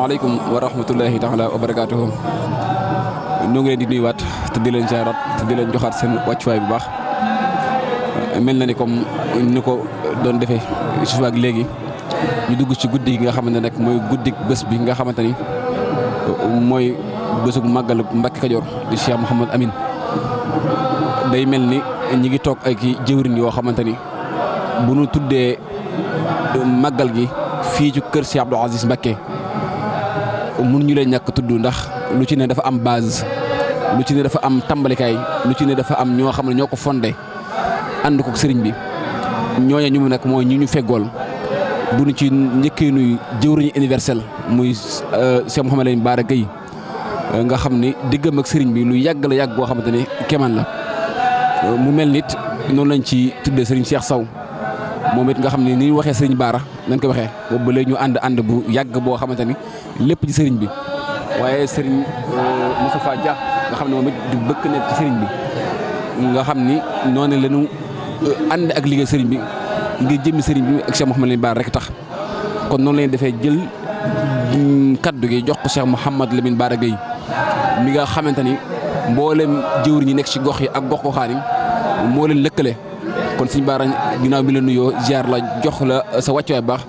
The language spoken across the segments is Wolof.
asalaamaaleykum wa rahmatulahi taala wa barakaatuhu ñoo ngi leen di nuyuwaat te di leen jaarat te di leen joxaat seen wàccuwaay bu baax mel na ni kom ni ko doon defe suba léegi ñu dugg ci guddi gi nga xamante ne mooy guddik bés bi nga xamante ni mooy bésug màggal Mbàkke Kajoor di Cheikh Mouhamad Amin day mel ni ñi ngi toog ay ki jëwriñ yoo xamante ni bu nu tuddee màggal gi fii ci kër Cheikh Abdou Aziz Mbacke mun ñu leen ñàkk tudd ndax lu ci ne dafa am base lu ci ne dafa am tàmbalikaay lu ci ne dafa am ñoo xam ñoo ko fondé ànd ko sëriñ bi ñooñu ñu mu nekk mooy ñu ñu feggool bu ci njëkkee nuy jëwriñu universel muy euh, Cheikh Mouhamadou Bara Gueye euh, nga xam ne diggam ak sëriñ bi lu yàgg la yàgg boo xamante ne kemaan la euh, mu mel nit noonu lañ ci tuddee sëriñ Cheikh Sow moom it nga xam ne ni waxee sëriñ Bara nañ ko waxee boobu ba ànd ànd bu yàgg boo xamante ni lépp ci sëriñ bi waaye sëriñ euh, Moustapha Dia nga xam ne moom it di bëkk nekk sëriñ bi nga xam ni noonu la ñu euh, ànd ak liggéey sëriñ bi ngir jëmmi sëriñ bi ak Cheikh Mouhamed Lamine Bara rek tax kon noonu la ñuy jël mm, kaddu gi jox ko Cheikh Mouhamed Lamine Bara Gueye mi nga xamante ni mboolem jëwri ñi nekk ci gox yi ak gox goxaan yi moo leen lëkkale kon suñu baara ginnaaw bi la nuyoo ziar la jox la sa wàccuwaay baax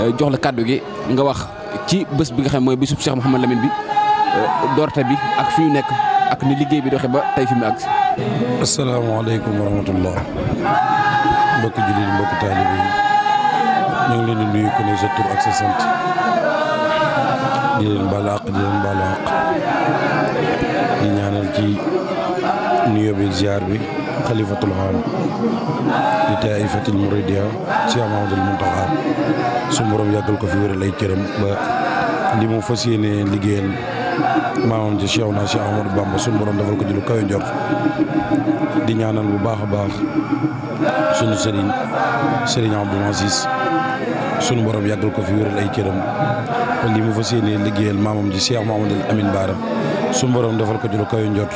euh, jox la kaddu gi nga wax. ci bés bi nga xam mooy bésub Cheikh Mouhamad Lamine bi euh, doorte bi ak fi ñu nekk ak ni liggéey bi doxee ba tey fi mu àgg si. asalaamaaleykum wa rahmatullah mbokki jullit mbokki taalibe yi ñu ngi leen di nuyu ku ne sa ak sa sent di leen baal di leen baal di ñaanal ci nuyoo bi ziar bi. xalifatul aam di taaifatil muridiya ci Amadul Muntaxa su borom yàggal ko fi wéral ay cëram ba li mu fas yéene liggéeyal maamam ji Cheikh naa Cheikh Amadou Bamba suñu borom defal ko ci lu kawe njort di ñaanal bu baax a baax sunu sëriñ sëriñ Abdoul Aziz sunu borom yàggal ko fi wéral ay cëram ba li mu fas yéene liggéeyal maamam ji Cheikh Mamadou Amin Baara suñu borom defal ko ci lu kawe njort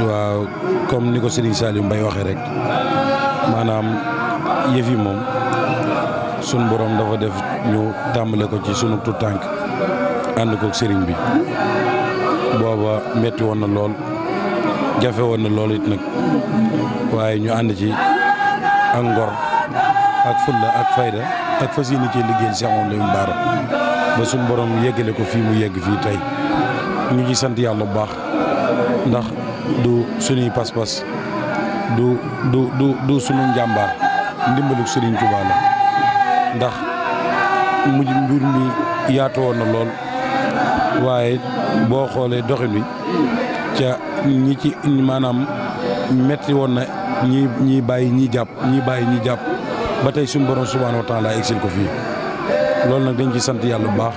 waaw comme ni ko Serigne Saliou Mbaye waxee rek maanaam yëf yi moom sunu boroom dafa def ñu tàmbale ko ci sunu tout tànk ànd koog sëriñ bi booba metti woon na lool jafe woon na lool it nag waaye ñu ànd ci ak ngor ak fulla ak fayda ak fas yéene liggéey liggéeyal si amoon lañu baara ba sunu borom yeggale ko fii mu yegg fii tey ñu ngi sant yàlla bu baax ndax. du suñuy pas-pas du du du du suñu njàmbaar ndimbalu Serigne ndax mujj mbir mi yaatu woon na lool waaye boo xoolee doxin wi ca ñi ci maanaam metti woon na ñii ñi bàyyi ñi jàpp ñi bàyyi ñi jàpp ba tey suñu borom subhaanahu wa taala exil ko fii loolu nag dañ ci sant yàlla bu baax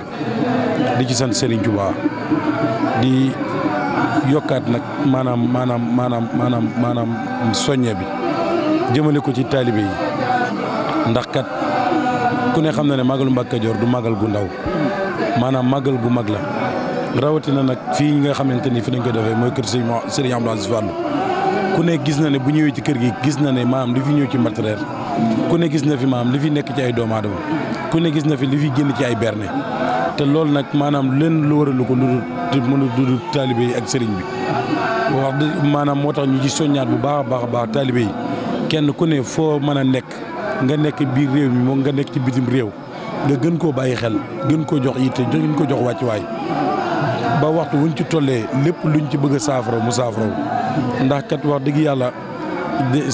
di ci sant Serigne Touba di yokkaat nag maanaam maanaam maanaam maanaam maanaam soññe bi jëmale ko ci taalibe yi ndax kat ku ne xam na ne màggalu Mbàkke Kajoor du màggal gu ndaw maanaam màggal gu mag la rawatina nag fii nga xamante ni fi dañ koy defee mooy kër Sëriñ Abdou Aziz Fall ku ne gis na ne bu ñëwee ci kër gi gis na ne maanaam li fi ñëw ci matériel ku ne gis na fi maanaam li fi nekk ci ay doomu aadama ku ne gis na fi li fi génn ci ay berne te loolu nag maanaam lenn lu waralu ko lu dul mën a dul taalibe yi ak sëriñ bi wax maanaam moo tax ñu ci soññaat bu baax a baax a baax taalibe yi kenn ku ne foo mën a nekk nga nekk biir réew mi moom nga nekk ci bitim réew nga gën koo bàyyi xel gën koo jox yitte gën ko jox wàcc waay ba waxtu wuñ ci tollee lépp lu luñ ci bëgg a saafara mu saafara ndax kat wax dëgg yàlla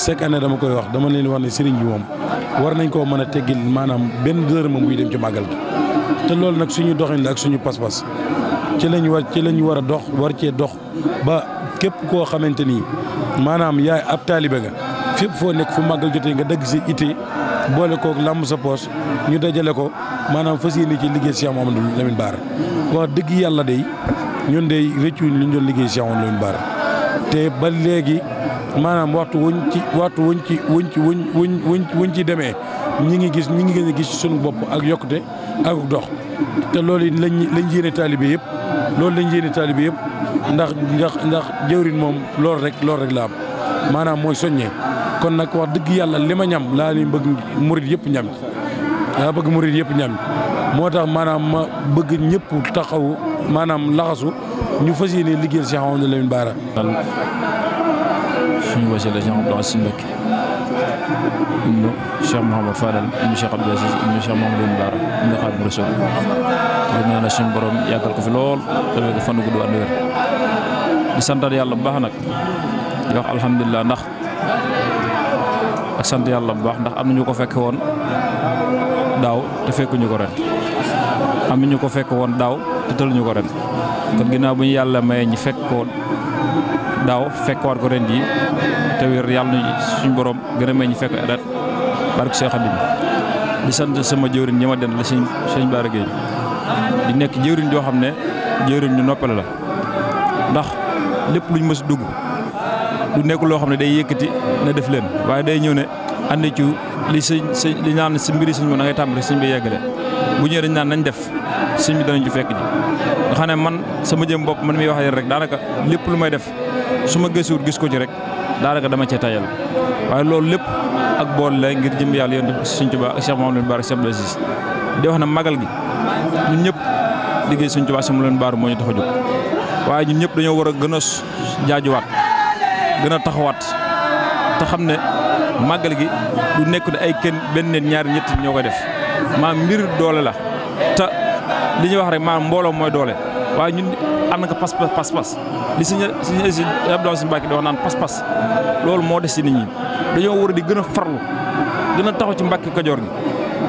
chaque année dama koy wax dama leen wax ne sëriñ bi moom war nañ ko mën a teggil maanaam benn dërëm muy dem ci màggal te loolu nag suñu doxin ak suñu pas-pas ci lañ war ci lañu war a dox war cee dox ba képp koo xamante ni maanaam yaay ab taalibe nga fépp foo nekk fu màggal jotee nga dagg si ittee boole kook làmb sa poos ñu dajale ko maanaam fas yéene ci liggéey Cheikh Mouhamadou Lamine baar wax dëgg yàlla dey ñun day rëccu li ñu doon liggéey Cheikh Mouhamadou Lamine Bara te ba léegi maanaam waxtu wuñ ci waxtu wuñ ci wuñ ci wuñ wuñ wuñ ci demee ñi ngi gis ñi ngi gën a gis suñu bopp ak yokkute aw dox te loolu it lañ lañ yéene taalibe yëpp loolu lañ yéene taalibe yëpp ndax ndax ndax jëwrin moom loolu rek loolu rek la am maanaam mooy soññee kon nag wax dëgg yàlla li ma ñam laa ni bëgg murit yépp ñam laa bëgg murit yëpp ñam moo tax maanaam ma bëgg ñëpp taxaw maanaam laxasu ñu fas yéene liggéeyal Cheikh Amadou Lamine Bara suñu wasila Cheikh Abdou Aziz Mbacké ibnu Cheikh Mouhamad Fadal ibnu Cheikh Abdou Aziz ibnu Cheikh Mouhamadou Mbara ibnu Xaadimu Rasuul di ñaan suñu borom yàggal ko fi lool tamit fan gu gudd ànd wér di santal yàlla bu baax nag di wax alhamdulilah ndax ak sant yàlla bu baax ndax am na ñu ko fekk woon daaw te fekkuñu ko ren am ñu ko fekk woon daaw te tëluñu ko ren kon ginnaaw bu ñu yàlla mayee ñi fekk ko daaw fekkaat ko ren jii te wér yàlla na suñu borom gën a meññ fekk adat barke Cheikh Khadim di sant sama jëwriñ ñi ma den la sëñ sëñ Bara Gueye di nekk jëwriñ joo xam ne jëwriñ ñu noppale la ndax lépp luñ mës dugg du nekk loo xam ne day yëkkati na def leen waaye day ñëw ne ànd ci li sëñ sëñ li naan si mbiri sëñ moom da ngay tàmbali bi yeggale bu ñëwee dañ naan nañ def sëñ bi danañ ci fekk ji nga xam ne man sama jëm bopp man miy wax rek daanaka lépp lu may def su ma gëstuwut gis ko rek daanaka dama cee tayal waaye loolu lépp ak bool la ngir jëm yàlla yonent Sëriñ Tuubaa ak Cheikh Mouhamadou Bara Cheikh Abdou Aziz di wax na magal gi ñun ñëpp liggéey Sëriñ Tuubaa Cheikh Mouhamadou Bara moo ñu tax a jóg waaye ñun ñëpp dañoo war a gën a jaajuwaat gën a taxawaat te xam ne màggal gi du nekk ne ay kenn benn ñaari ñett ñoo koy def maam mbir doole la te li ñuy wax rek maam mbooloo mooy doole. waaye ñun am na nga pas-pas pas-pas li suñu suñu si Abdoulaye Sy Mbacké di wax naan pas-pas loolu moo des ci nit ñi dañoo war a di gën a farlu gën taxaw ci Mbacké Kajoor gi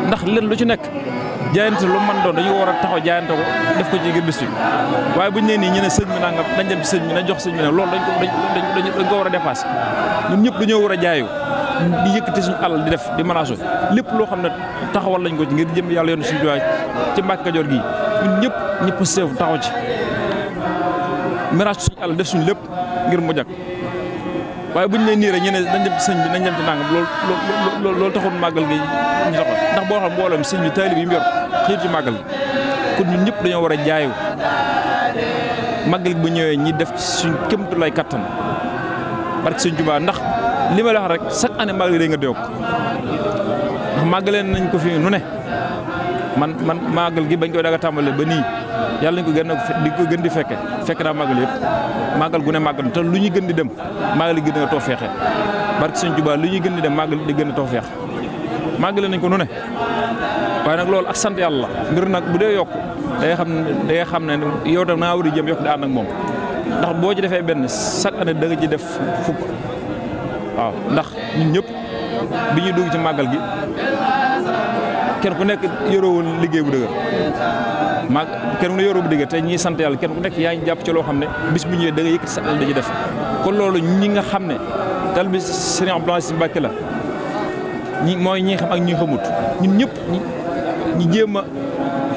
ndax leen lu ci nekk jaayante lu man doon dañu war a taxaw jaayante ko def ko ci ngir bis bi waaye buñ nee nii ñu ne sëñ bi nangam dañ dem ci sëñ bi nañ jox sëñ loolu dañ ko dañ dañ ko war a dépassé ñun ñëpp dañoo war a jaayoo di yëkkati suñu alal di def di manage lépp loo xam ne taxawal lañ ko ci ngir jëm yàlla yoon suñu ci Mbacké gi ñëpp ñëpp seew taxaw ci mirage suñu àll def suñu lépp ngir mu jag waaye bu ñu nee nii rek ñu ne dañ dem ci bi nañ dem ci nangam loolu loolu loolu màggal gi ñu taxoon ndax boo xam mbooloo mi sëñ bi taalib yi mu xiir ci màggal gi kon ñun ñëpp dañoo war a jaayu màggal bu ñëwee ñi def ci suñ kémtu lay kattan barke sëñ Tuubaa ndax li ma rek chaque année màggal day nga doyoo ko ndax màggaleen nañ ko fi nu ne. man man màggal gi bañ koy daga tàmbale ba nii yàlla ñu ko gën a di ko di fekke fekk naa màggal yëpp màggal gu ne màggal te lu ñuy gën di dem màggal gi gën a too feexe barke sëñ Tuubaa lu ñuy gën di dem màggal di gën a too feex màggale nañ ko nu ne waaye nag loolu ak sant yàlla mbir nag bu dee yokk day xam ne day xam ne yow tam naa war a jëm yokk di ànd ak moom ndax boo ci defee benn chaque année da nga ci def fukk waaw ndax ñun ñëpp bi ñuy dugg ci màggal gi kenn ku nekk yorowul liggéey bu dëgër maa kenn ku bu dëgër te ñi sant kenn ku nekk yaa ngi jàpp ci loo xam ne bis mu ñëwee da nga yëkkati sa àll dañuy def kon loolu ñi nga xam ne tal bi Serigne Abdou Aziz Mbacké mooy ñi xam ak ñi xamut ñun ñëpp ñi jéem a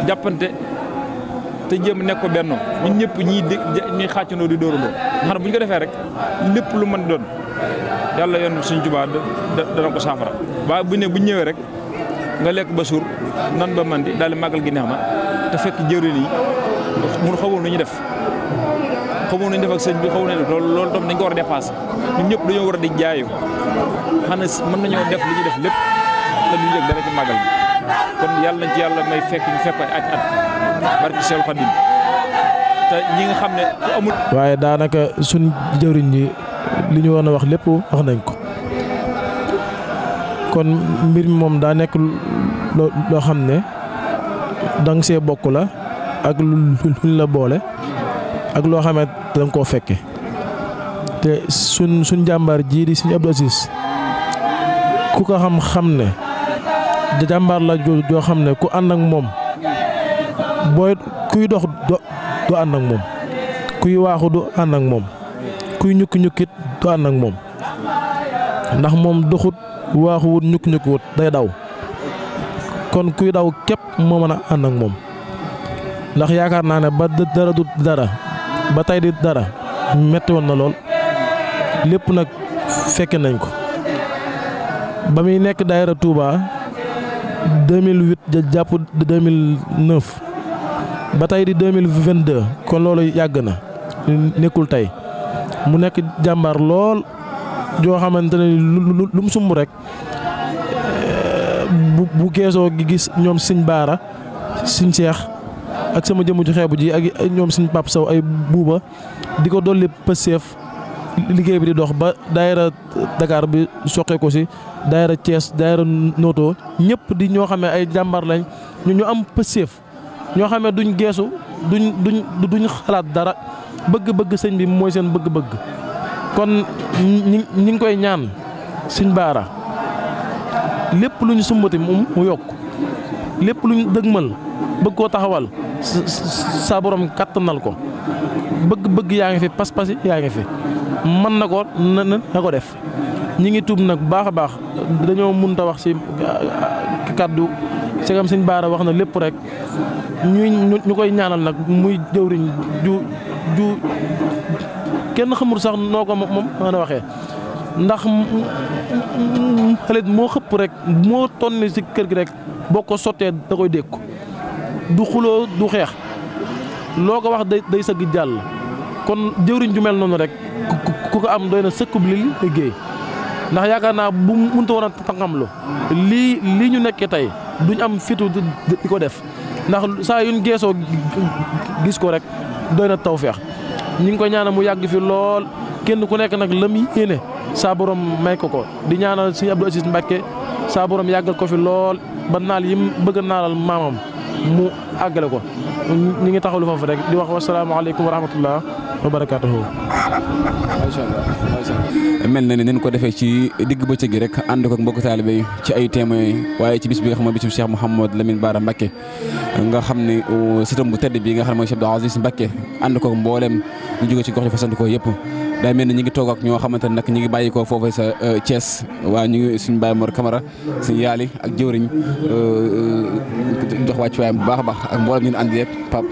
jàppante te jéem a nekk ko benn ñëpp ñi di ñuy xàccandoo di dóorandoo xam bu ñu ko defee rek lépp lu mën doon yàlla yoon suñu Tuubaa dana ko saafara waaye bu ne bu ñëwee rek. nga lekk ba suur nan ba mandi daal di màggal gi neex ma te fekk jëriñ yi mun xamul nu ñu def xamul nu ñu def bi xamul nañu loolu loolu tam dañ ko war a dépassé ñun ñëpp dañoo war a di jaayoo xanaa mën nañoo def lu ñu def lépp te duñu yëg dara ci màggal gi kon yàlla nañ ci yàlla may fekk ñu fekk ay at at barki Seex Xaadim te ñi nga xam ne amul. waaye daanaka suñ jëriñ yi li ñu waroon a wax lépp wax nañ ko. kon mbir mi moom daa nekk loo xam ne dang see bokk la ak luñ la boole ak loo xamee danga koo fekke te suñ suñ jàmbaar jii di suñu Abdou Aziz ku ko xam xam ne jàmbaar la joo xam ne ku ànd ak moom booy kuy dox du ànd ak moom kuy waaxu du ànd ak moom kuy ñukki ñukkit du ànd ak moom ndax moom doxut waaxuwut ñukk ñukkuwut day daw kon kuy daw képp mooma mën a ànd ak moom ndax yaakaar naa ne ba dara du dara ba tey di dara metti woon na lool lépp nag fekke nañ ko ba muy nekk daayira Touba 2008 jàpp 2009 ba tey di 2022 kon loolu yàgg na nekkul tey mu nekk jàmbaar lool joo xamante ne lu mu sumb rek bu geesoo gi gis ñoom siñ baara siñ seex ak sama jëmm ju xeebu ji ak ñoom siñ pap saw ay buuba di ko dolli pëseef liggéey bi di dox ba daayira dakaar bi soqee ko si daayira Thiès daayira Noto ñëpp di ñoo xam ne ay jàmbar lañ ñu ñu am pëseef ñoo xam ne duñ geesu duñ duñ duñ xalaat dara bëgg-bëgg sëñ bi mooy seen bëgg-bëgg kon ñi ñi ngi koy ñaan suñ baara lépp lu ñu sumbati mu yokk lépp lu ñu dëgmal bëgg koo taxawal sa borom kàttanal ko bëgg-bëgg yaa ngi fi pas-pas yaa ngi fi mën na ko na na ko def ñi ngi tuub nag baax a baax dañoo munta wax ci ah, kàddu segam sëñ baara wax na lépp rek ñuy ñu koy ñaanal nag muy jëwriñ ju ju kenn xamul sax noo ko moom ma a waxee ndax xalit moo xëpp rek moo tonni si kër gi rek boo ko sottee da koy dékku du xuloo du xeex loo ko wax day day sëgg jàll kon jëwriñ ju mel noonu rek ku ko am doy na sëkk ndax yaakaar naa bu mënta lii lii ñu nekkee tey duñu am fitu di ko def ndax saa yuñ geesoo gis ko rek doy na tawfeex ñi ngi ko ñaana mu yàgg fi lool kenn ku nekk nag la mu yéene saa borom may ko ko di ñaanal sëñ Abdou Aziz Mbacke saa borom yàggal ko fi lool ba naal yi mu bëgg naalal maamam mu àggale ko ñu ngi taxawlu foofu rek di wax wasalaamaaleykum wa rahmatullah wa barakaatuhu. macha mel na ni nañ ko defee ci digg bëccëg gi rek ànd ko ak mbokk taalibe ci ay témoins waaye ci bis bi nga xam ne bisu Cheikh Mouhamad Lamine Bara Mbacke nga xam ni uh, sëtam bu tedd bi nga xam ne mooy Cheikh Abdou Aziz Mbacke ñu jóge ci gox yu fasantikoo yëpp day mel ni ñu ngi toog ak ñoo xamante ne nag ñu ngi bàyyi ko foofu sa cees euh, waa ñu ngi suñu Baye Mor Camara suñu yaali ak jëwriñ euh, jox wàcc waayam bu baax a baax ak mboolem ñu ne yëpp Pape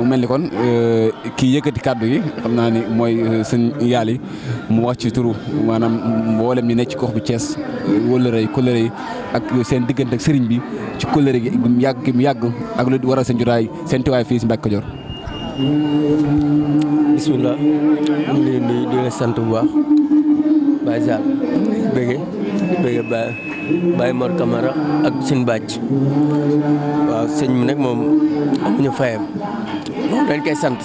mu mel ni kon euh, kii yëkkati kàddu yi xam naa ni mooy suñu yaali mu wax ci turu maanaam mboolem ñi nekk ci gox bu cees wëllëre yi kóllëre yi ak seen diggante ak sëriñ bi ci kóllëre gi yàgg gi mu yàgg ak lu waral seen juraay seen teewaay fii si Mbàkke Kajoor bisimilah ñu ngi leen di di leen sant bu baax Baye Sall di bëgge di bëgge Baye Baye Mor Camara ak seen bàcc waaw sëñ bi nag moom amuñu fayam moom dañ koy sant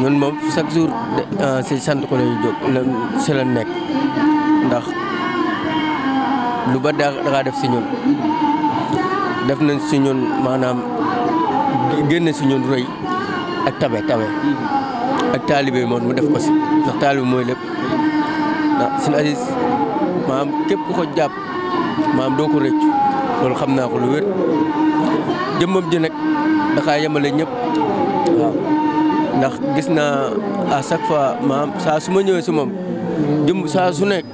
ñun moom chaque jour euh, si sant ko lañu jóg si la nekk ndax lu ba daa def si ñun def nañ si ñun maanaam génne si ñun rëy ak tabe tabe ak taalibe moom mu def ko si ndax taalibe mooy lépp ndax Sëñ maam képp ko jàpp maam doo ko rëccu loolu xam naa ko lu wér jëmmam ji nag daxaa yemale ñëpp ndax gis naa à chaque fois maam saa su ma ñëwee si moom jëm saa su nekk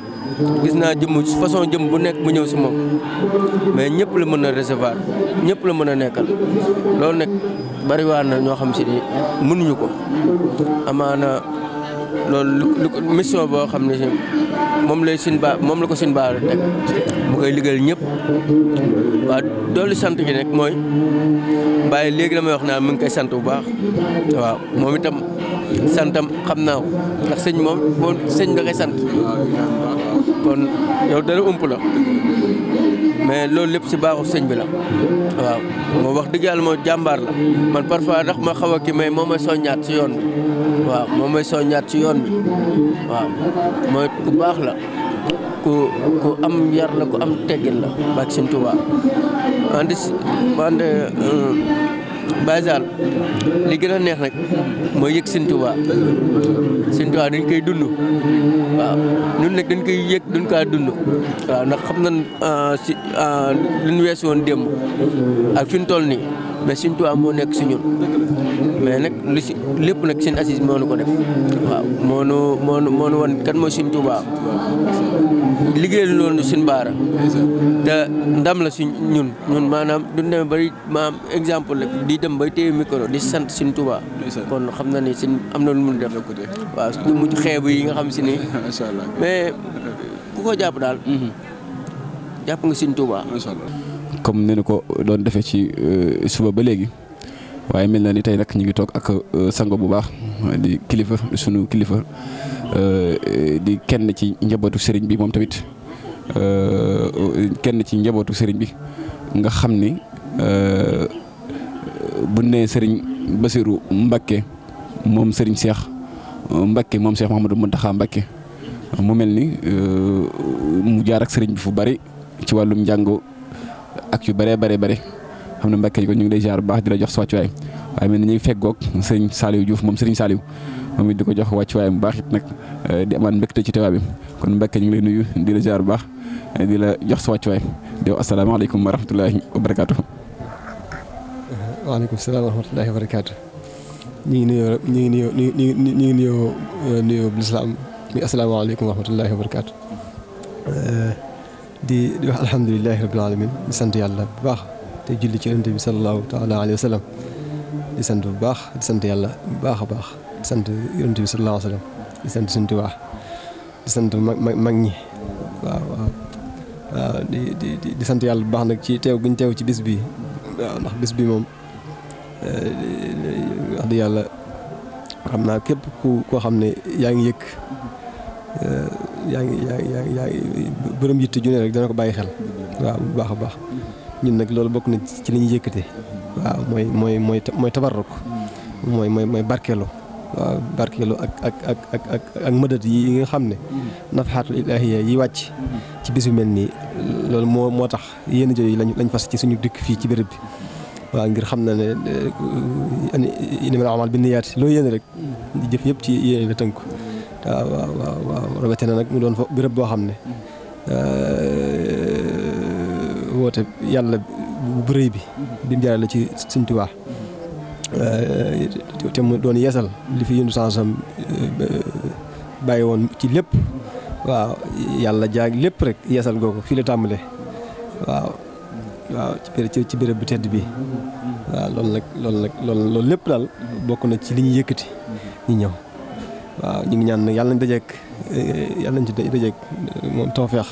gis naa jëmm façon jëmm bu nekk bu ñëw si moom mais ñëpp la mën a recevoir ñëpp la mën a nekkal loolu nag bariwaan na ñoo xam si ni mënuñu ko amaana loolu lu mission boo xam ne moom lay sin ba moom la ko sin baal koy liggéeyal ñëpp waaw doolu sant gi nag mooy bàyyi léegi la may wax naa mu ngi koy sant bu baax waaw moom itam santam xam naa ko ndax sëñ moom moom sëñ da koy sant kon yow dara ump la mais loolu lépp si baaxu sëñ bi la waaw moo wax dëgg moo jàmbaar la man parfois ndax ma xaw a kii mais moo may soññaat si yoon bi waaw moo may soññaat si yoon bi waaw mooy ku baax la ku ku am yar la ku am teggin la baag sëñ Tuubaa andi andi euh, Baye Sall li gën a neex nag mooy yëg Sëñ Tuubaa Sëñ Tuubaa dañ koy dund ñun nag dañ koy yëg dañ kaa dund waaw ndax xam nañ euh, si euh, lu ñu weesu woon démb ak fi ñu nii. mais Sëñ Tuubaa moo nekk si ñun mais nag lu si lépp nag seen assise moo nu ko def moo nu moo nu moo nu wan kan mooy Sëñ Tuubaa liggéeyal la suñ ñun ñun maanaam du demee bari maam exemple la di dem bay téye micro di sant suñ Tuubaa kon xam na ni suñ am na lu mun def waaw du mujj xeebu yi nga xam si ni mais ku ko jàpp daal mhm. jàpp nga suñ Tuubaa comme ni ñu ko doon defee ci euh, suba ba léegi waaye mel na ni tey nag ñu ngi toog ak euh, sango bu baax di kilifa sunu kilifa euh, di kenn ci njabootu sëriñ bi moom tamit kenn ci njabootu sëriñ bi nga xam ni bu nee sëriñ Basiru Mbakke moom sëriñ Seex Mbakke moom Seex Mahamadou Muntaxa Mbakke mu mel ni mu jaar ak bi fu bari ci wàllum njàngoo. ak yu bëree bëri bëri xam ne Mbàkke Kajoor ñu ngi lay jaar bu baax di la jox sa wàccuwaay waaye mel na ñu ngi feggoog sëriñ Saliou Diouf moom sëriñ Saliou moom di ko jox wàccuwaay bu baax nag eh, di amaat mbégte ci teewaay bi kon Mbàkke ñu ngi lay di la jaar bu baax eh, di la jox sa wàccuwaay di wax asalaamaaleykum wa rahmatulahi wa barakaatu. waaleykum salaam wa rahmatulahi wa barakaatu. ñu ngi nuyoo ñu ngi nuyoo ñu ngi ñu ngi nuyoo eh, nuyoo bi lislaam wa barakaatu. di di wax alhamdulilahi rabbil alamin di sant yàlla bu baax te julli ci yonent bi sallallahu taala alayhi wa sallam di sant bu baax di sant yàlla bu baax a baax di sant yonent bi sallallahu alayhi wa sallam di sant suñu Tuubaa di sant mag mag ñi waaw waaw waaw di di di sant yàlla bu baax nag ci teew guñ teew ci bis bi waaw ndax bis bi moom eh, wax di yàlla xam naa képp ku koo xam ne yaa ngi yëg yaa ngi yaa ngi yaa ngi borom yitte ju rek dana ko bàyyi xel waaw bu baax a baax ñun nag loolu bokk na ci li ñu yëkkate waaw mooy mooy mooy mooy tabarruk mooy mooy mooy barkeelu waaw ak ak ak ak ak ak mëdët yi nga xam ne nafaxaatul ilaahiya yi wàcc ci bisu mel nii loolu moo moo tax yenn jooyu lañ lañ fas ci suñu dëkk fii ci béréb bi waa ngir xam na ne eh, ni ma amal bi niyaat loo yéen rek di jëf yëpp ci yéen la waaw waaw waaw waaw rawatina nag mu doon fa béréb boo xam ne euh, woote yàlla bu bëri bi bi mu la ci Sëñ euh, te mu doon yeesal li fi yëndu sansam euh, bàyyi woon ci lépp waaw yàlla jaag lépp rek yeesal googu fii la tàmbalee waaw waaw ci ci béréb bu tedd bi waaw loolu nag lool nag loolu loolu lépp daal bokk na ci li ñu yëkkati ñu ñëw waaw ñu ngi ñaan yàlla nañ dajeek yàlla nañ ci dajeek moom tawfeex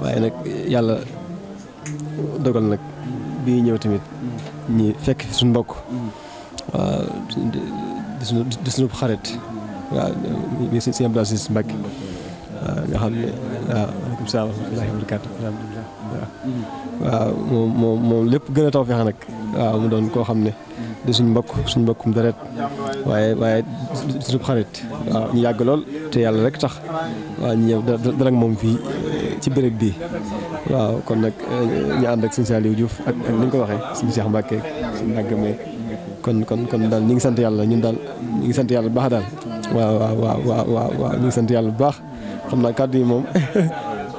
waaye nag yàlla dogal nag bi ñëw tamit ñi fekk suñ suñu mbokk waaw di suñu di suñu xarit waaw mi xam ne waaw waaw moom moom lépp gën a tawfeex nag waaw mu doon koo xam ne di suñ mbokk suñ mbokkum deret waaye waaye suñu xarit waaw ñu yàgg lool te yàlla rek tax waaw ñu ñëw dara moom fii ci béréb bi waaw kon nag eh, ñu ànd ak suñu Saliou Diouf ak ak ñu ko waxee suñu Cheikh Mbacke suñu àggamee kon kon kon daal ñu ngi sant yàlla ñun daal ñu ngi sant yàlla bu baax daal waaw waaw waaw waaw ñu ngi sant yàlla bu baax xam naa kàddu yi moom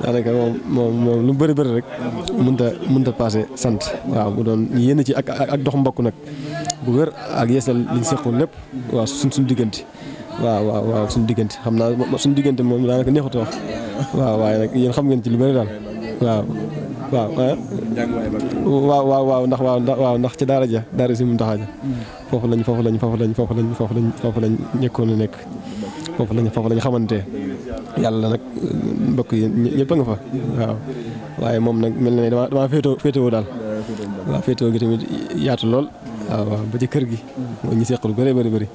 daanaka moom moom moom lu bari bari rek bëri rek mënta ta paase sant waaw mu doon yéen ci ak ak dox mbokk nag bu wér ak yeesal liñ seqoon lépp waaw suñ suñ diggante waaw waaw waaw suñ diggante xam naa suñ diggante moom daanaka neexut a wax waaw waaye nag yéen ci lu bëri daal waaw waaw ah. waaw waaw waaw ndax waaw waaw ndax ci daara ja daara si mu taxaaja foofu lañ foofu lañ foofu lañ foofu lañ foofu lañ foofu lañ ñekkoon nekk foofu lañ foofu lañ xamante yàlla nag mbokk yi ñëpp a nga fa waaw waaye moom nag mel na ne damaa damaa féetewoo daal waaw féetewoo gi tamit yaatu lool waaw ba ci kër gi moo ñu seqal bëree bëri bëri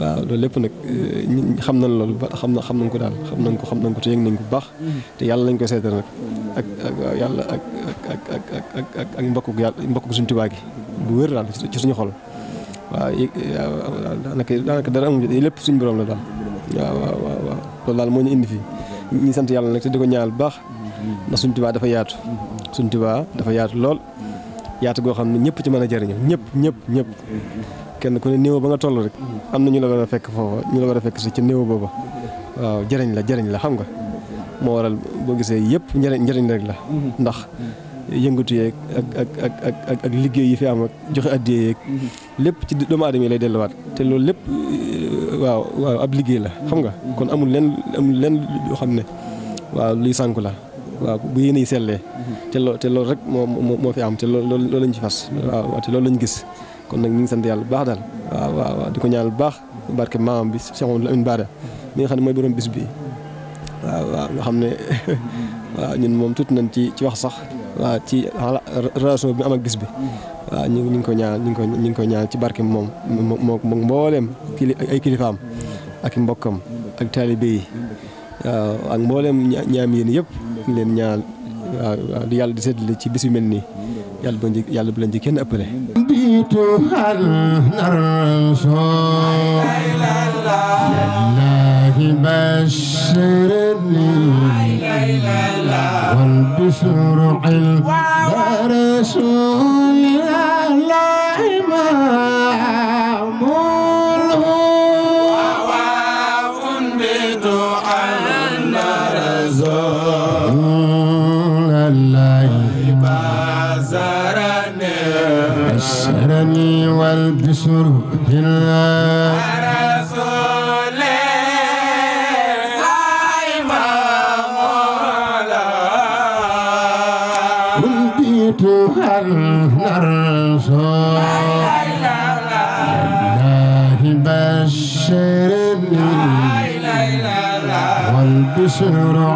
waaw loolu lépp nag eh, xam na loolu ba xam na xam nañ ko daal xam nañ ko xam nañ ko te yëg nañ ko bu baax te yàlla lañ koy seetal nag ak ak yàlla ak ak ak ak mbokku yàlla mbokku suñu Tuubaa gi bu wér daal ci suñu xol eh, waaw daanaka daanaka dara amul lépp suñu borom la daal waaw waaw loolu daal moo ñu indi fi ñi sant yàlla nag te di ko ñaanal baax ndax suñ dafa yaatu suñ dafa yaatu lool yaatu goo xam ne ñëpp ci man a jëriñu ñëpp ñëpp ñëpp kenn ku ne néew ba nga toll rek am na ñu la war a fekk foofa ñu la war a fekk si ci néew booba jëriñ la jëriñ la xam nga moo waral boo gisee yëpp njariñ njëriñ rek la ndax yëngatu yeeg ak ak ak ak liggéey yi fi am ak joxe addiye yeeg lépp ci doomu aadama yi lay delluwaat te loolu lépp waaw waaw ab liggéey la xam nga mm-hmm. kon amul leen amul yoo xam ne waaw luy sànku la waaw bu yéen yi sellee mm-hmm. te loo loolu rek moo moo fi am te loolu lañ ci fas mm-hmm. waaw te loolu lañu gis kon nag ñu ngi sant yàlla bu baax daal waaw waaw di ko ñaanal bu baax barke maam bi Cheikh Lamine Bara mi nga xam ne mooy borom bis bi waaw waaw nga xam ne waaw ñun moom tuuti nañ ci ci wax sax waa ci relation bi am ak bis bi. waaw ñu ngi ko ñaan ñu ngi ko ñu ngi ko ñaan ci barke moom moo moo mbooleem kili ay kilifaam ak mbokkam ak taalibe yi waaw ak mbooleem ñaam yéen yëpp leen ñaan waaw di yàlla di séddale ci bis yu mel nii yàlla bu yàlla leen ci kenn ëppale biitu بشرني والبشر علم ورسول الله ماموله وواف بدعاء رسول الله بشرني والبشر بالله الشهرات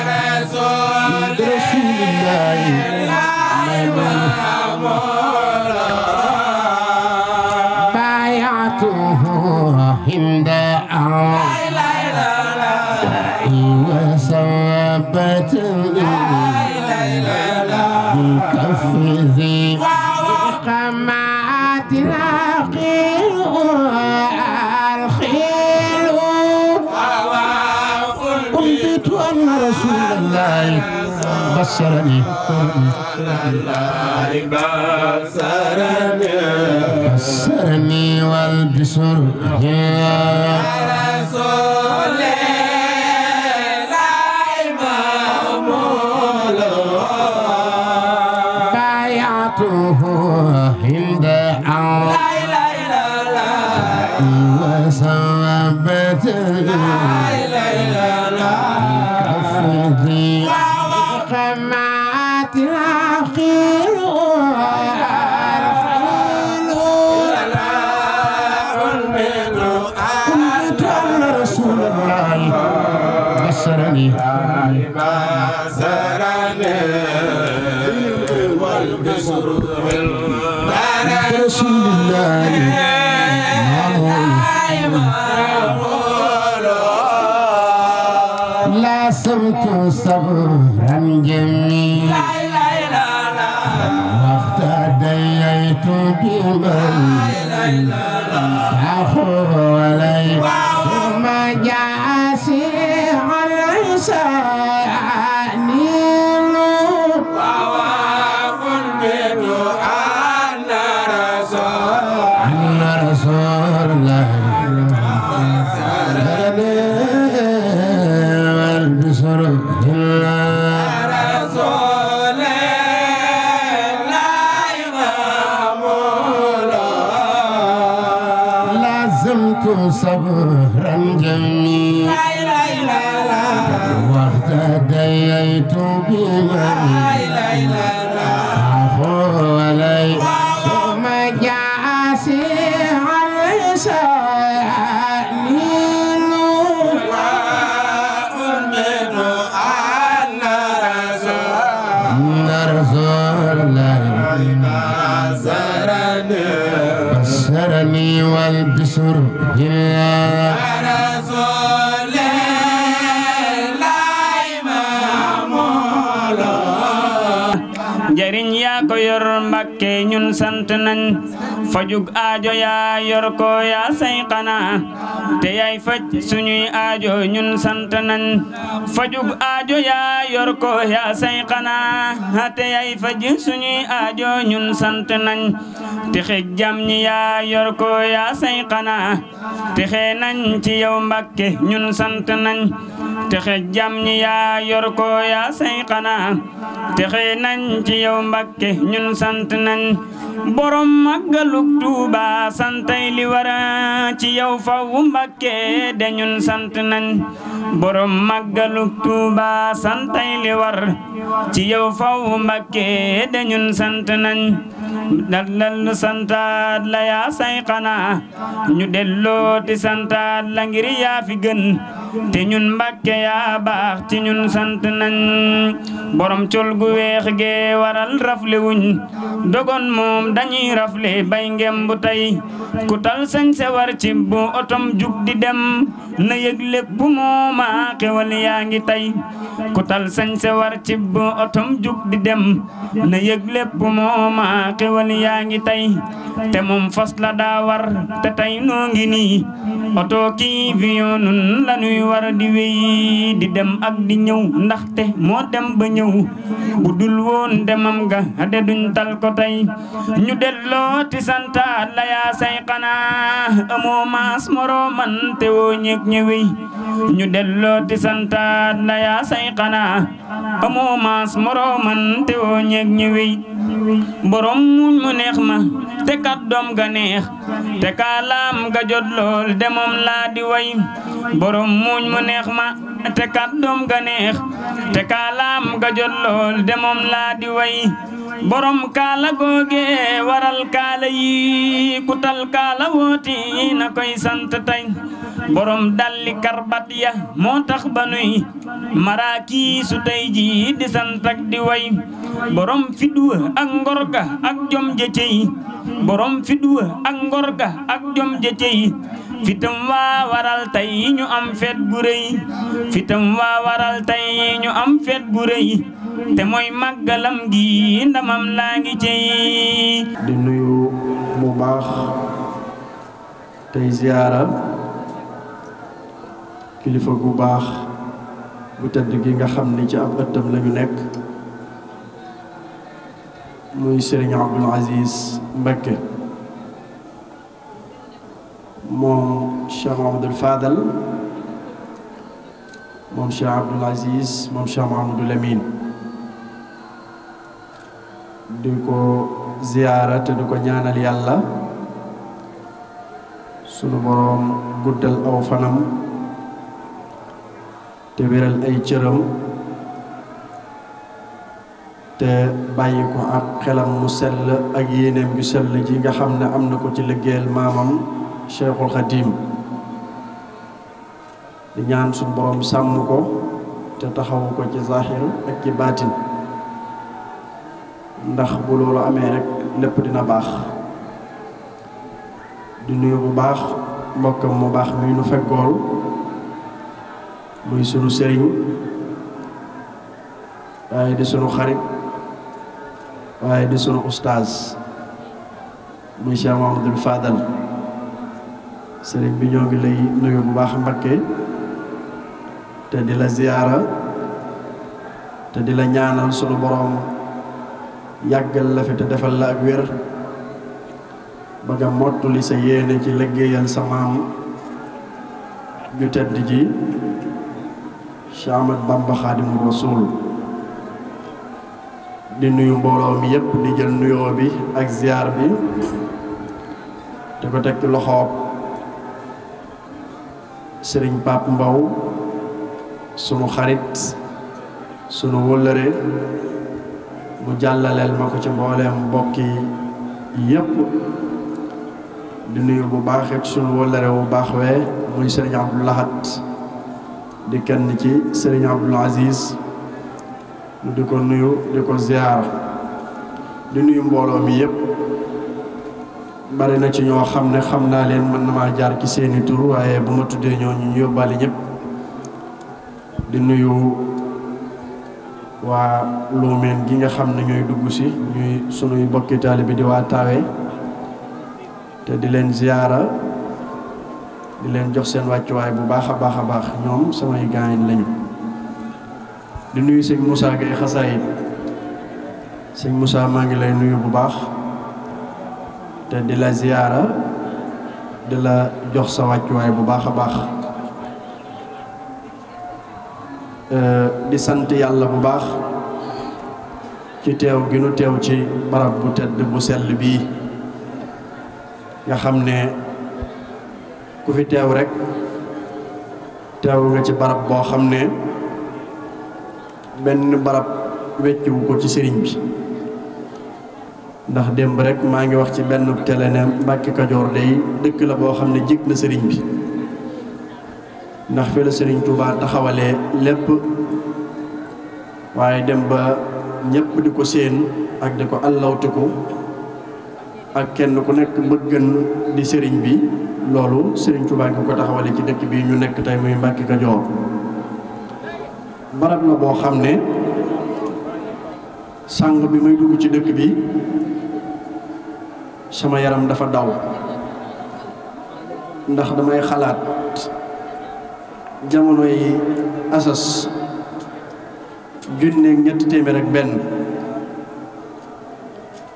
الشرعي بسرني والبسر la nañ fajug aajo ya yor ko yaa say xanaa te yaay faj suñuy aajo ñun sant nañ fajug aajo yaa yor ko yaa say xanaa faj suñuy aajo ñun sant nañ texe jam ñi yaa yor ko yaa say xanaa texe nañ ci yow Mbàkke ñun sant nañ texe jam ñi yaa yor ko yaa say xanaa texe nañ ci yow Mbàkke ñun sant nañ borom màggalug Tuuba santay li wara ci yow fawu Mbàkke de ñun sant nañ borom màggalug Tuuba santay li war ci yow fawu Mbàkke de ñun sant nañ dal dal santaat la yaa say xanaa ñu dellooti santaat la ngir yaa fi gën te ñun mbàkke yaa baax ci ñun sant nañ borom col gu weex ge waral rafle wuñ dogon moom dañuy rafle bay ngem bu tey ku tal se war ci otom jug di dem na yëg lépp bu mooma xewal yaa ngi tey ku tal sañse war ci bu otom di dem na yëg lépp bu mooma xewal yaa ngi tey te moom fas la daa war te tey noo ngi nii oto kii vion nun war di wéy di dem ak di ñëw ndaxte moo dem ba ñëw bu dul woon demam ga de duñ tal ko tey ñu delloo ti santaat la yaa amoo maas moroo te woo ñëg nag ñi wiy ñu delloo ti santaat la yaa say xanaa morooman te woo ñeeg ñi wiy borom muñ mu neex ma te kàddoom ga neex te kaalaam ga lool de moom laa di way borom muñ mu neex ma te kàddoom ga neex te kaalaam ga lool de moom laa di way borom kaala googe waral kaala yi ku tal kaala wooti na koy sant tey borom dalli karbat ya moo tax ba nuy maraaki su tey ji di sant ak di way borom fidwa ak ngor ak jom jëcey borom fidwa ak ngor ga ak jom jëcey fitam waa waral tey ñu am feet bu rëy fitam waa waral tey ñu am feet bu rëy te mooy màggalam gi ndamam laa ngi cey di nuyu bu baax tey ziyaara kilifa gu baax bu tedd gi nga xam ni ci ab ëttam lañu nekk muy sëriñ Abdul Aziz Mbakke moom Cheikh Mahamadul Fadal moom Cheikh Abdul Aziz moom Cheikh Mahamadul Amin di ko ziyaara te di ko ñaanal yàlla sunu boroom guddal aw fanam te wéral ay cëram te bàyyi ko ak xelam mu sell ak yéeneem yu sell ji nga xam ne am na ko ci liggéeyal maamam Cheikhul Khadim di ñaan suñu borom sàmm ko te taxawu ko ci zahir ak ci baatin ndax bu loolu amee rek lépp dina baax di nuyu bu baax mbokkam mu baax mi nu fekkool muy sunu sëriñ waaye di sunu xarit waaye di sunu ustaaz muy Cheikh Mahamadul Fadal sëriñ bi ñoo ngi lay nuyu bu baax Mbakke te di la ziyaara te di la ñaanal sunu boroom yàggal la fi te defal la ak wér ba nga mottuli sa yéene ci liggéeyal sa maam ju tedd ji Cheikh Ahmad Bamba Xaadimu di nuyu mbooloo mi yépp di jël nuyoo bi ak ziar bi te ko teg ci loxoob sëriñ Pape Mbow sumu xarit sunu wëllëre mu jàllaleel ma ko ci mbooleem mbokki yépp di nuyu bu baax ak sunu wëllëre bu baax wee muy sëriñ Abdou di kenn ci Serigne Abdoul Aziz nu di ko nuyu di ko ziar di nuyu mbooloo mi yëpp bari na ci ñoo xam ne xam naa leen mën na ma jaar ci seeni tur waaye bu ma tuddee ñoo ñu yóbbaale ñëpp di nuyu waa Loomeen gi nga xam ne ñooy dugg si ñuy sunuy bokki taalibe bi di waa Tawe te di leen ziara di leen jox seen wàccuwaay bu baax a baax a baax ñoom samay gaañ lañu di nuyu sëñ Moussa Gueye xasaay sëñ Moussa maa ngi lay nuyu bu baax te di la ziyaara di la jox sa wàccuwaay bu baax a baax di sant yàlla bu baax ci teew gi nu teew ci barab bu tedd bu sell bii nga xam ne ku fi teew rekk teew nga ci barab boo xam ne benn barab wecciwu ko ci sëriñ bi ndax démb rekk maa ngi wax ci benn télé ne Mbàkke Kajoor day dëkk la boo xam ne jig na sëriñ bi ndax fi la sëriñ Touba taxawalee lépp waaye dem ba ñépp di ko séen ak di ko allawtiku ak kenn ku nekk gën di sëriñ bi loolu sëriñ Tuubaa ngi ko taxawale ci dëkk bi ñu nekk tey muy Mbàkke Kajoor barab la boo xam ne sàng bi may dugg ci dëkk bi sama yaram dafa daw ndax damay xalaat jamono yi asas junneeg ñetti téeméer ak benn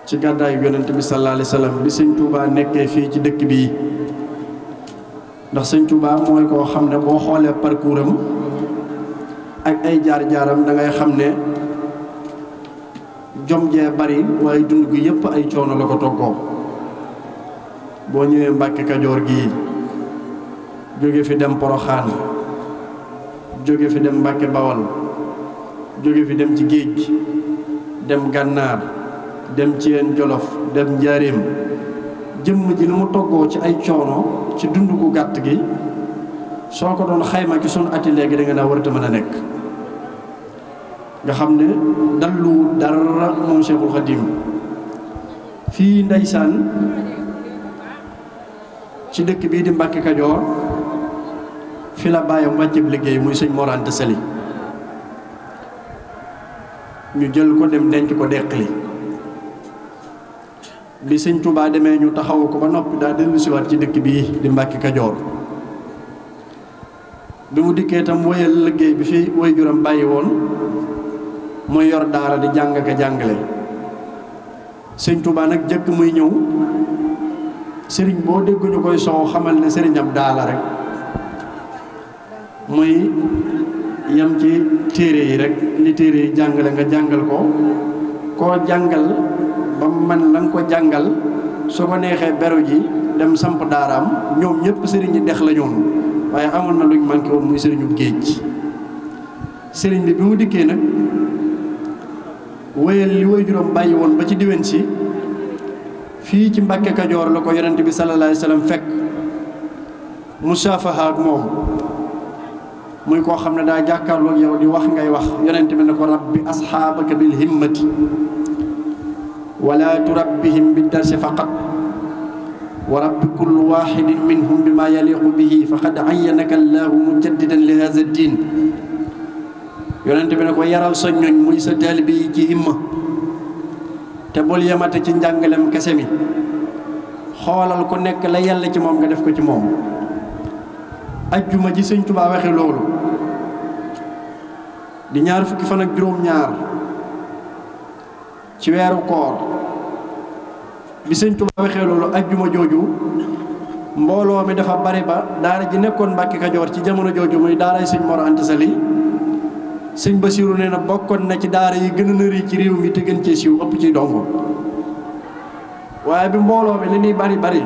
ci gàddaayu yonent bi sallallahu alayhi wa sallam bi sëñ Touba nekkee fii ci dëkk bii ndax sëñ Touba mooy koo xam ne boo xoolee parcours am ak ay jaar-jaaram dangay xam ne jom jee bari waaye dund gi yépp ay coono la ko toggoo boo ñëwee Mbàkke Kajoor gii jóge fi dem Poroxaan jóge fi dem Mbàkke Bawal jóge fi dem ci géej gi dem Gànnaar dem ci yeen jolof dem njaareem jëmm ji lu mu toggoo ci ay coono ci dund gu gàtt gi soo ko doon xayma ki sunu ati léegi da nga naa warata mën a nekk nga xam ne dalluwul dara moom Cheikhul Khadim fii ndeysaan ci dëkk bii di Mbàkke Kajoor fi la bàyyam wàcceb liggéey muy sëñ Mor Anta ñu jël ko dem denc ko deqali bi sëñ Touba demee ñu taxaw ko ba noppi daa dellusiwaat ci dëkk bii di Mbàkke Kajoor bi mu dikkee tam woyal liggéey bi fi woy juram bàyyi woon mooy yor daara di jàng ka jàngale sëñ Touba nag jëkk muy ñëw sëriñ boo dégg ñu koy soow xamal ne sëriñam daala rek muy yam ci téere yi rek li téere yi jàngale nga jàngal ko koo jàngal ba mu man la nga ko jàngal soo ko neexee beru ji dem samp daaraam ñoom ñëpp sëriñi dex la ñoon waaye amoon na luñ manqué woon muy sëriñu géej sëriñ bi bi mu dikkee nag wéyal li way juróom bàyyi woon ba ci diwen si fii ci Mbàkke Kajoor la ko yonent bi sallallahu alayhi wa sallam fekk musaafaha ak moom muy koo xam ne daa jàkkaarloo yow di wax ngay wax yonent bi ne ko rabbi asxaabaka bil himmati wala turabbihim bi darsi faqat wa rabbi kulli waxidin minhum bi ma yaliqu bihi faqad ayyanaka allahu mujaddidan li hada diin yonent bi ne ko yaral sa ñoñ muy sa taalibe yi ci himma te bul yemate ci njàngalem kese mi xoolal ko nekk la yàlla ci moom nga def ko ci moom ajjuma ji sëñ Tuubaa loolu di ñaar fukki fan ak juróom-ñaar ci weeru koor bi sëñ Tuubaa waxee loolu ajjuma jooju mbooloo mi dafa bari ba daara ji nekkoon Mbàkke Kajoor ci jamono jooju muy daaray sëñ Mor Anta Sali sëñ Basiiru nee na bokkoon na ci daara yi gën a nëri ci réew mi te gën cee siiw ëpp ciy dongo waaye bi mbooloo mi li ñuy bari bari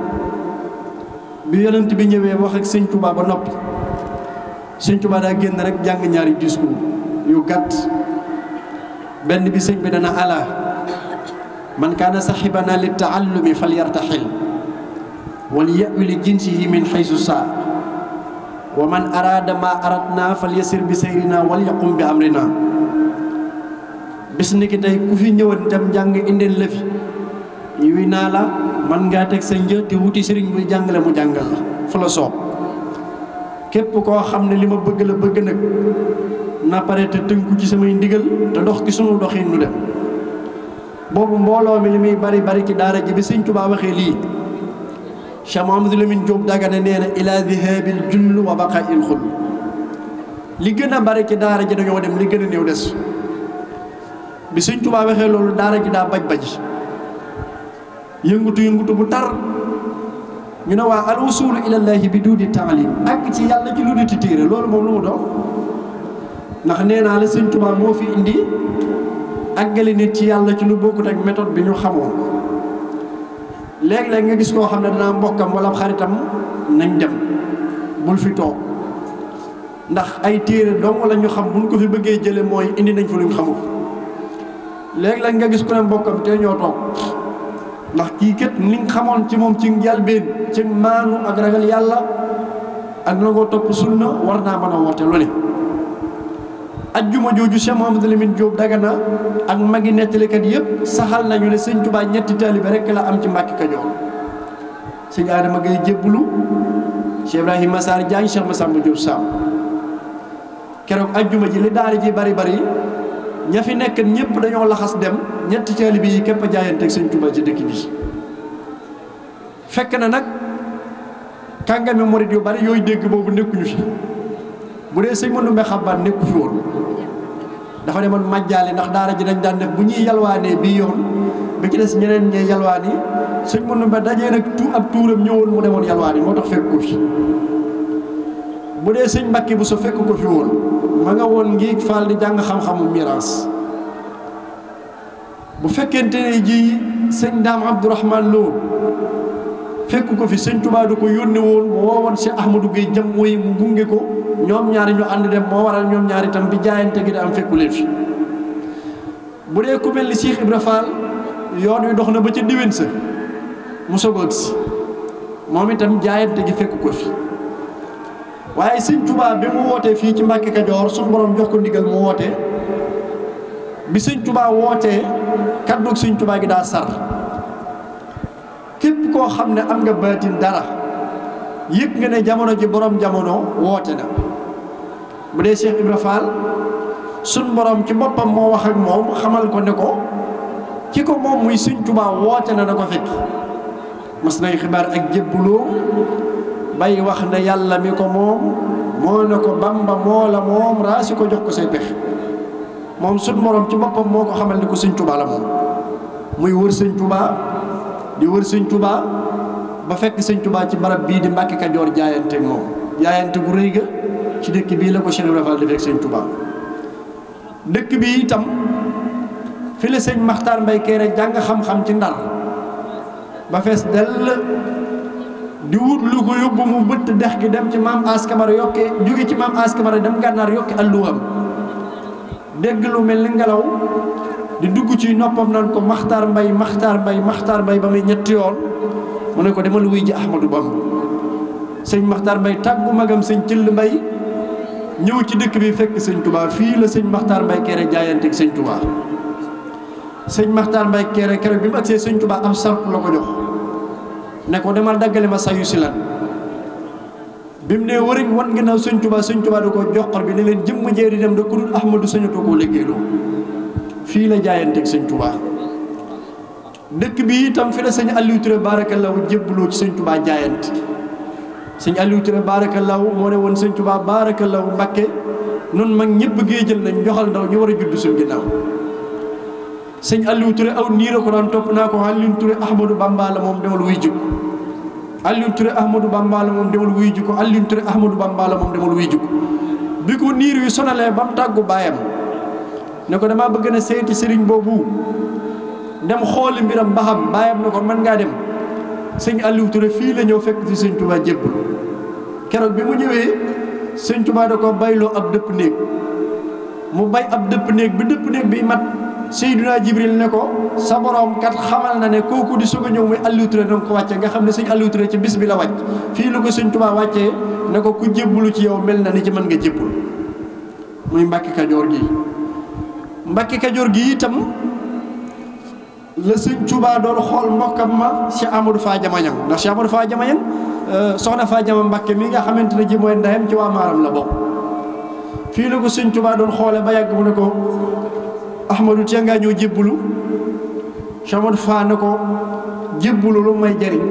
bi yonent bi ñëwee wax ak sëñ Tuubaa ba noppi sëñ Tuubaa daa génn rek jàng ñaari discours yu gàtt benn bi sëñ bi dana ala man kaana saxibana li taallumi fal yartaxil wal yawi li jinsihi min xaysu saa wa man araada maa aradna fal yasir bi sayrina wal yaqum bi amrina bis ni ki tey ku fi ñëwoon itam njàng indeen la fi yuy naa la man ngaa teg sa njër te wuti sëriñ buy jàngale mu jàngal la fu la soob képp koo xam ne li ma bëgg la bëgg nag na pare te tënku ci samay ndigal te dox ki sunu doxin nu dem boobu mbooloo mi li muy bari bari ci daara ji bi sëñ Tuubaa waxee lii Cheikh Mouhamadou Lamine Diop Dagana nee na ila dihabil jull wa baqa il xul li gën a bari ci daara ji dañoo dem li gën a néew des bi sëñ Tuubaa waxee loolu daara ji daa baj-baj yëngutu yëngutu bu tar ñu ne waa al usul ilallahi bi duudi taalim ak ci yàlla ci lu di ti loolu moom lu mu doon ndax nee naa la sëñ Tuubaa moo fi indi ak àggale nit ci yàlla ci lu bokkut ak méthode bi ñu xamoon léeg-léeg nga gis koo xam ne danaa mbokkam walla xaritam nañ dem bul fi toog ndax ay téere dong la ñu xam buñ ko fi bëggee jële mooy indi nañ fa luñ xamul léeg-léeg nga gis ku ne mbokkam te ñoo toog ndax kii kat ni xamoon ci moom ci njalbeen ci maanu ak ragal yàlla ak nangoo topp sunna war naa mën a woote lu ajjuma jooju Cheikh Mouhamadou Lamine Diop Dagana ak magi nettalikat yëpp saxal nañu ne sëñ Tuubaa ñetti taalibe rek la am ci Mbàkke Kajoor sëñ Adama Gaye jébbulu Cheikh Ibrahima Sarr Diagne Cheikh Massamba Diop Sam keroog ajjuma ji li daara ji bari bari ña fi nekk ñëpp dañoo laxas dem ñetti taalibe yi képp a jaayanteeg sëñ Tuubaa ci dëkk bi fekk na nag kàngami murit yu bari yooyu dégg boobu nekkuñu fi bu dee sëñ Mandumbe Xabbaan nekku fi woon dafa demoon majjaali ndax daara ji dañ daan def bu ñuy yalwaanee bii yoon bi ci des ñeneen ñee yalwaani sëñ mënu ba dajee nag tu ab tuuram ñëwoon mu demoon yalwaani moo tax fekk ko fi bu dee sëñ mbakki bu sa fekk ko fi woon ma nga woon ngi faal di jàng xam-xamu miraas bu fekkente ne ji sëñ daam abdourahman loo fekk ko fi sëñ tubaa du ko yónni woon mu woowoon si ahmadou gay jam mooy mu gunge ko ñoom ñaari ñu ànd dem moo waral ñoom ñaari itam bi jaayante gi da am fekku fi bu dee ku mel ni Ibra Fall yoon wi dox na ba ca diwén sa mu soog a moom itam jaayante gi fekku ko fi waaye sëñ Touba bi mu wootee fii ci Mbàkke Kajoor su borom jox ko ndigal mu wootee bi sëñ Touba wootee kaddu sëñ Touba gi daa sar képp koo xam ne am nga baatin dara. yëg nga ne jamono ji borom jamono woote na bu dee Cheikh Ibra Fall sun borom ci boppam moo wax ak moom xamal ko ne ko ci ko moom muy Sëñ Tuubaa woote na na ko fekk mas xibaar ak jébbuloo bay wax ne yàlla mi ko moom moo ne ko Bamba moo la moom raasi ko jox ko say pex moom sun borom ci boppam moo ko xamal ne ko Sëñ Tuubaa la moom muy wër Sëñ Tuubaa di wër Sëñ Tuubaa ba fekk sëñ Touba ci barab bii di Mbàkke Kajoor jaayante moom jaayante bu rëy ga ci dëkk bii la ko Cheikh Ibrahima Fall defee sëñ Touba dëkk bi itam fi la sëñ Maxtaar Mbay Kéré jàng xam-xam ci Ndar ba fees dell di wut lu ko yóbbu mu bëtt dex gi dem ci maam askamara yokke jóge ci maam askamara dem gànnaar yokke alluwam dégg lu mel ni ngelaw di dugg ci noppam nan ko maxtaar mbay maxtaar mbay maxtaar mbay ba muy ñetti yoon mu ne ko demal wuy ji Ahmadou Bamba sëñ Maxtaar Mbay bu magam sëñ Cëll Mbay ñëw ci dëkk bi fekk sëñ tubaa fii la sëñ Maxtaar Mbay kere jaayanteeg sëñ Touba sëñ Maxtaar Mbay kere kere bi mu agsee sëñ tubaa am sant la ko jox ne ko demal daggale ma sayu si lan bi mu ne wëriñ wan ginnaaw sëñ Touba sëñ Touba da ko joxor bi ne leen jëmm jeeri dem da ku dul Ahmadou sañatu koo liggéeyloo fii la jaayanteeg sëñ tubaa dëkk bi itam fi la sëñ Aliou Touré baarakallahu jébbaloo ci sëñ Touba jaayante sëñ Aliou Touré baarakallahu moo ne woon sëñ Touba baarakallahu Mbàkke noonu mag ñëpp géejël nañ joxal ndaw ñu war a judd suñ ginnaaw sëñ Aliou Touré aw niir a ko daan topp ko Aliou Touré Ahmadou Bamba moom demal wuy jug Aliou Touré Ahmadou Bamba la moom demal wuy jug ko Aliou Touré Ahmadou Bamba la moom demal wuy bi ko niir wi sonalee ba mu tàggu baayam ne ko damaa bëgg na seeti sëriñ boobu dem xooli mbiram ba xam bàyyam na ko mën ngaa dem sëñ Aliou Touré fii la ñëw fekk fi sëñ Touba jébbalu keroog bi mu ñëwee sëñ Touba da ko bayloo ab dëpp néeg mu bay ab dëpp néeg bi dëpp néeg bi mat Seydunaa Jibril ne ko sa borom kat xamal na ne kooku di soog a ñëw muy Aliou Touré danga ko wàcce nga xam ne sëñ Aliou rek ci bis bi la wàcc fii la ko sëñ Touba wàccee ne ko ku jébbalu ci yow mel na ni ci man nga jébbal muy Mbàkke Kajoor gi Mbàkke la sëñ Touba doon xool mbokkam ma Cheikh Amadou Fa Jamañan ndax Cheikh Amadou Fa Jamañan euh, soxna Fa Jama Mbàkke mi nga xamante ne ji mooy ndeyam ci waa Maaram la bokk fii la ko sëñ Touba doon xoole ba yàgg mu ne ko Ahmadou tee ngaa ñëw jébbalu Cheikh Amadou Fa ne ko jébbalu lu may jariñ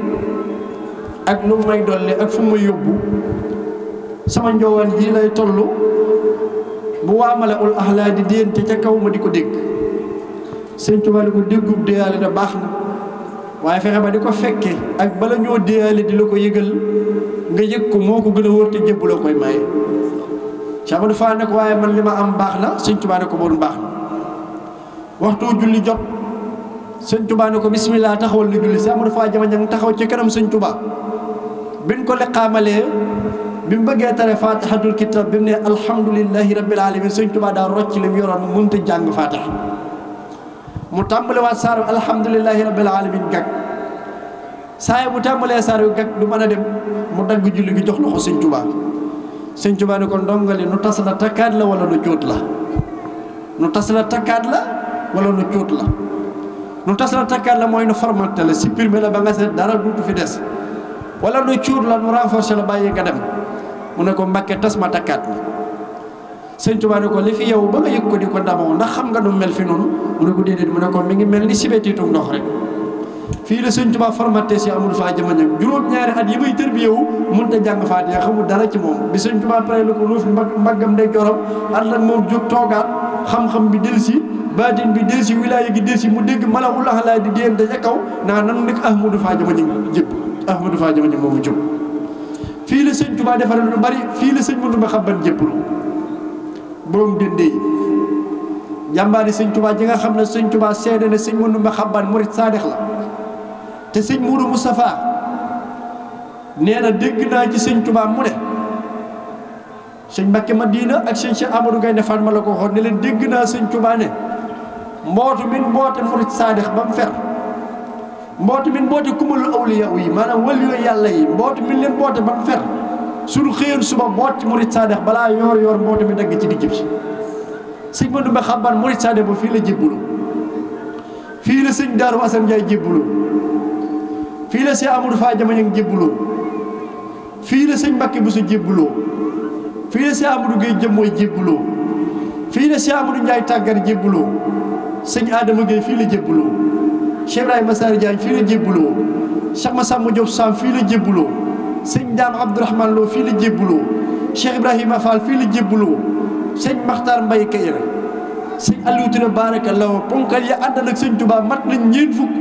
ak lu may dolli ak fu may yóbbu sama njoowal ji lay toll bu waamale ul axlaa di déente ca kaw ma di ko dégg sëñ Tuubaa li ko déggub déyaale da baax na waaye fexe ba di ko fekke ak bala ñoo déyaale di la ko yëgal nga yëg ko moo ko gën a wóor te jëbb la koy maye Cheikh Fall ne ko waaye man li ma am baax na sëñ Tuubaa ne ko bon baax na waxtu julli jot sëñ Tuubaa ne ko bismillah taxawal na julli Cheikh Amadou Fall jamañang taxaw ci kanam sëñ bi biñ ko leqaamalee bi mu bëggee tare fatihatul kitab bi mu ne alhamdulillahi rabbil alamin sëñ Tuubaa daal rocc li mu yoroon mënut a jàng fatiha mu tàmbale waat saaru alhamdulilahi rabbil alamin gag saa yi mu tàmbalee saar yu gag du mën a dem mu dagg julli gi jox loxo sëñ Tuubaa sëñ ne ko ndongali nu tas la takkaat la wala nu cóot la nu tas la takkaat la wala nu cóot la nu la takkaat la mooy nu formaté la supprimé la ba nga seet dara duutu fi des wala nu cuut la nu renforcé la bàyyi nga dem mu ne ko Mbàkke tas ma takkaat la sëñ Tuubaa ne ko li fi yow ba nga yëg ko di ko ndamoo ndax xam nga nu mel fi noonu mu ne ko déedéet mu ne ko mi ngi mel ni sibetiitum ndox rek fii la sëñ Tuubaa formaté si amul faa jëma at yi may tërbiyewu mun ta jàng faatiha xamul dara ci moom bi sëñ Tuubaa pare day jorom ànd ak moom jóg toogaat xam-xam bi del si baatin bi del si wilaaya gi del si mu dégg mala ulax laa di déen daña naa nan nekk ahmadou faa jëma ñag jëpp ahmadou faa jëma ñag moomu la sëñ Tuubaa defaral lu bari fii la sëñ mënu ma xabban jëpplu borom dënd yi jàmbaari sëñ tubaa ji nga xam ne sëñ tubaa seede ne sëñ mënu ma xabbaan murit saadix la te sëñ Mourou Moustapha nee na dégg naa ci sëñ tubaa mu ne sëñ Mbakke Madina ak sëñ Cheikh Amadou Gaynde Fatma la ko waxoon ne leen dégg naa sëñ tubaa ne mbootu min mboote murit saadix ba mu fer mbootu min mboote kumalu awliya yi maanaam wël yàlla yi mbootu min leen mboote ba mu fer suñu xëyoon suba mboot ci murit saadex balaa yoor yoor mboota mi dagg ci digg bi sëñ ma dumbe xamban murit saadex ba fii la jébbalu fii la sëñ Daaru Asan Njaay jébbalu fii la sëñ Amadou Faa Jamañang jébbalu fii la sëñ Mbàkke Buso jébbalu fii la sëñ Amadou Géey jëm mooy jébbalu fii la sëñ Amadou Njaay tàggar jébbalu sëñ Adama Géey fii la jébbalu Cheikh Ibrahima Sarr Diagne fii la jébbaloo Cheikh Massamba Diop fii la jébbaloo sëñ Daam Abdourahmane Lo fii la jébbaloo Cheikh Ibrahima Fall fii la jébbaloo sëñ Makhtar Mbaye Kayre sëñ Aliou Touré Baraka Law ponkal ya àndal ak sëñ Touba mat nañ ñeent fukk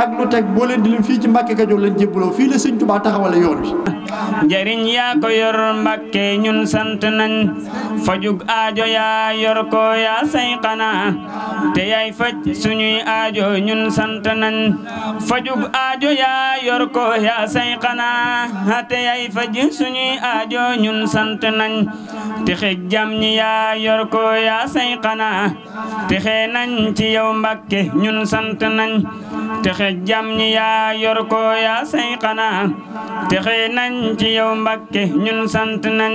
ak lu teg boo leen di lim fii ci Mbàkke Kajoor leen jébbaloo fii la sëñ Touba taxawale yoon wi. njariñ yaa ko yor Mbàkke ñun sant nañ fajug ajo ya yor ko yaa say xanaa te yaay faj suñuy aajo ñun sant nañ fajug aajo yaa yor ko yaa say xanaa te yaay faj suñuy aajo ñun sant nañ te xej jam ñi yaa yor ko yaa say xanaa te xee nañ ci yow mbakke ñun sant nañ te xej jam ñi yaa yor ko say xanaa te xee nañ nañ ci yow Mbàkke ñun sant nañ